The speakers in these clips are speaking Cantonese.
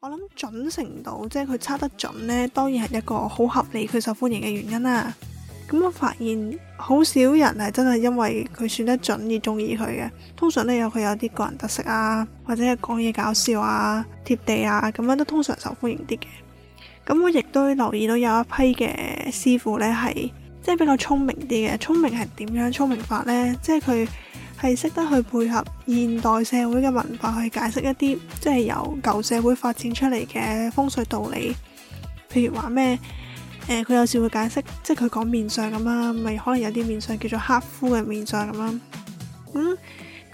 我諗準程度，即係佢測得準呢，當然係一個好合理佢受歡迎嘅原因啦。咁我發現好少人係真係因為佢算得準而中意佢嘅，通常都有佢有啲個人特色啊，或者係講嘢搞笑啊、貼地啊，咁樣都通常受歡迎啲嘅。咁我亦都留意到有一批嘅師傅呢，係即係比較聰明啲嘅，聰明係點樣聰明法呢，即係佢係識得去配合現代社會嘅文化去解釋一啲即係由舊社會發展出嚟嘅風水道理，譬如話咩佢有時會解釋，即係佢講面相咁啦，咪可能有啲面相叫做克夫嘅面相咁啦。咁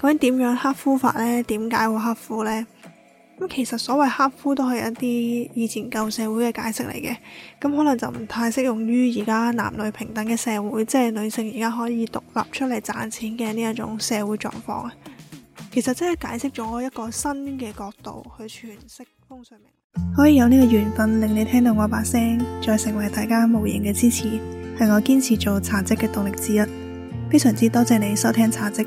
咁點樣克夫法呢？點解會克夫呢？咁其實所謂克夫都係一啲以前舊社會嘅解釋嚟嘅，咁可能就唔太適用於而家男女平等嘅社會，即係女性而家可以獨立出嚟賺錢嘅呢一種社會狀況啊。其實真係解釋咗一個新嘅角度去詮釋風水命。可以有呢個緣分令你聽到我把聲，再成為大家無形嘅支持，係我堅持做茶嘖嘅動力之一。非常之多謝你收聽茶嘖。